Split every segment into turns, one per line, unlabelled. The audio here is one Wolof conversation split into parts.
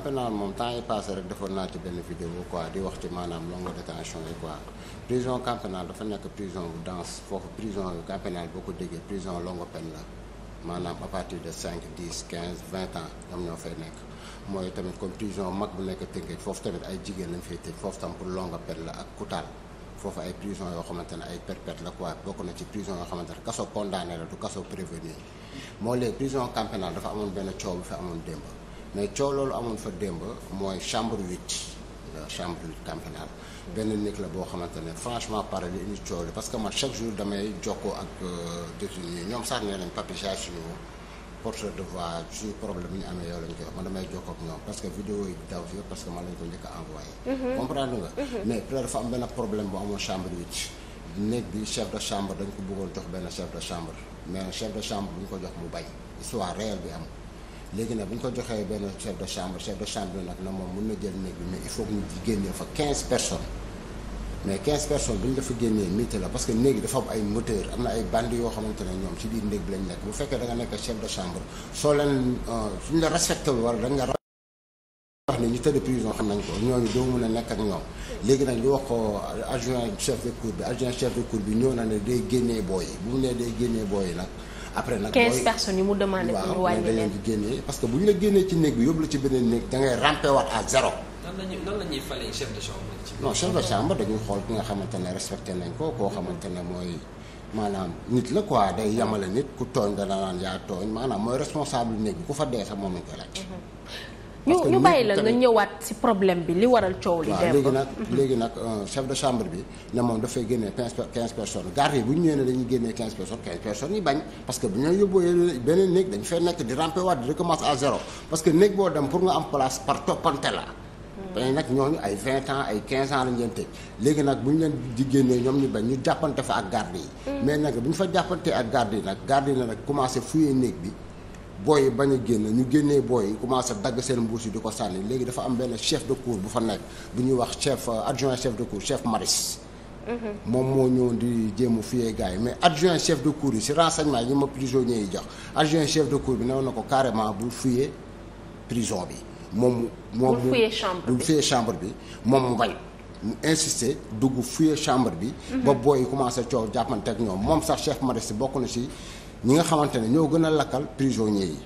pénal moom temps yi passé rek defoon naa ci benn vidéo quoi di wax ci maanaam longue détention yi quoi prison camp pénal dafa nekk prison bu dense foofu prison de 5 10 15 20 ans ñoom ñoo nekk mooy tamit comme prison mag bu nekk foofu tamit ay jigéen lañ fay tëj foofu tam pour longue peine la ak yoo xamante ne ay perpète la quoi bokk na ci prison yoo xamante ne kaso condamné la du kaso prévenu moo léegi prison camp dafa amoon benn coow bu fi amoon démb mais coow loolu amoon fa démb mooy chambre huit la chambre huit campénale benn néeg la boo xamante ne franchement pare li parce que man chaque jour damay jokkoo ak euh, détenu ñoom sax nee nañ papi ja de voix suñu problème bi ñu amee yow lañ koy wax man damay jokkoo ñoom parce que vidéo yi daw fi parce que man lañ ko njëkk a envoyé mhm. comprendre nga mhm. mais peut-être dafa am benn problème bu amoon chambre huit néeg bi chef de chambre dañ ko bëggoon jox benn chef de chambre mais chef de chambre bu ñu ko jox mu bañ histoire réelle bi am léegi nag buñ ko joxee benn chef de chambre chef de chambre bi nag na moom mun na jël néeg bi mais il faut que fa 15 personnes mais 15 personnes bu ñu dafa génnee mité la parce que néeg dafa am ay moteur am na ay bandi yoo xamante ne ñoom ci biir néeg bi lañ nekk bu fekkee da nga nekk chef de chambre soo leen euh, suñ la respecté wala da nga wax ne ñu tëdd prison xam nañ ko ñooñu doo mun a nekk ak ñoom léegi nag ñu wax ko adjoint chef de cour bi adjoint chef de cour bi ñëw na ne day génnee booy bu mu nee day génnee booy yi nag après nag. mooy 15 yi mu demandé pour ñu wàññi leen waaw génnee parce que bu ñu la génnee ci néeg bi yóbbu la ci beneen néeg da ngay rampé waat à zéro. nan la ñuy nan de chambre. dañuy xool ki nga xamante ne respecté nañ ko koo xamante ne mooy maanaam nit la quoi day yamale nit ku tooñ dana naan yaa tooñ maanaam mooy responsable néeg bi ku fa dee sa moom lañ koy laaj. Mhm.
ñu ñu bàyyi
ñëwaat si problème bi li waral coow li. dem léegi léegi nag euh, chef de chambre bi ne moom dafay génnee quinze quinze personnes garde bu ñu ñëwee ne dañuy génnee quinze personnes quinze personnes yi bañ parce que bu ñu yóbboo beneen néeg dañu fay nekk que néeg boo dem pour nga am place par toppante la. dañ hmm. nag ñooñu ay 20 ans ay 15 ans lañ leen tëj léegi nag bu ñu leen di génnee ñoom ñu bañ ñu jàppante fa ak garde yi hmm. mais nag bu ñu fa jàppante ak garde yi nag garde yi na nag commencé fouiller néeg bi booy yi bañ a génn ñu génnee booy yi commencé dagg seen mbuus yi di ko sànni léegi dafa am benn chef de cour bu fa nekk bu ñuy wax chef euh, adjoint chef de cour chef maris mhm. moom moo ñëw di jéem a fiyee gars yi mais adjoint chef de cour yi si renseignement yi ma prisonniers yi jox adjoint chef de cour bi newoon na ko carrément bu fiyee prison bi moom moom bu fiyee chambre bi moom mu bañ mu insisté dugg fuyee chambre bi mhm. ba booy yi commencé coow jàppante ak ñoom moom sax chef maris bokk na si ñi nga xamante ne ñoo gën a lakkal prisonniers yi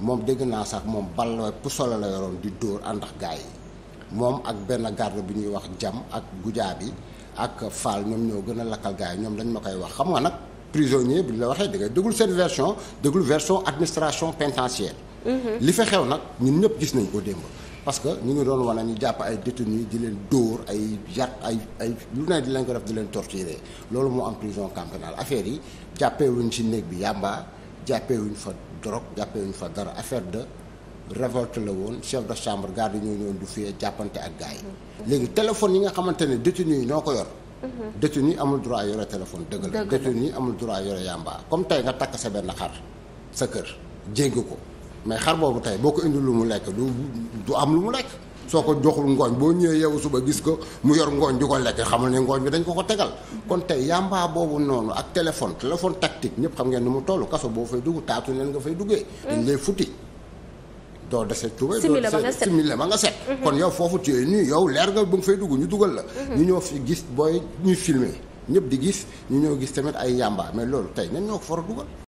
moom dégg naa sax moom bal la pusole la yoroon di dóor àndax gaa yi moom ak benn garde bi ñuy wax jam ak gujaa bi ak faal ñoom ñoo gën a lakkal gaa yi ñoom dañ ma koy wax xam nga nag prisonnier bi la waxee da ngay déglu seen version déglu version administration pénitentiaire mhm. li fa xew nag ñun ñëpp gis nañ ko démb parce que ñu ngi doon wane ñu jàpp ay détenus di leen dóor ay yàq ay ay lu ne di leen ko def di leen torturer loolu moo am prison cantonale affaire yi jàppeewuñ ci néeg bi yàmba jàppewuñ fa drogue jàppeewuñ fa dara affaire de révolte la woon chef de chambre garde ñoo ñëwoon du fiyee jàppante ak gars léegi téléphone yi nga xamante ne détenus yi ñoo ko yor mhm. détenu amul droit yore téléphone dëgg la détenu amul droit yore yàmba comme tey nga takk sa benn xar sa kër jéng ko mais xar boobu tey boo ko indi lu mu lekk du du am lu mu lekk soo ko joxul ngooñ boo ñëwee yow suba gis ko mu yor ngooñ di ko lekk xamul ne ngooñ bi dañ ko ko tegal kon tey yàmbaa boobu noonu ak téléphone téléphone tactique ñëpp xam ngeen ni mu toll kaso boo fay dugg taatu leen nga fay duggee mm. dañ lay futti doo dese tuba simile ma nga set mm-hmm. kon yow foofu téye nii yow leer nga bu nga fay dugg ñu dugal la mm-hmm. ñu ñoo fi gis booy ñuy filmer ñëpp di gis ñu ñoo gis tamit ay yàmbaa mais loolu tey ñan ñoo ko fara dugal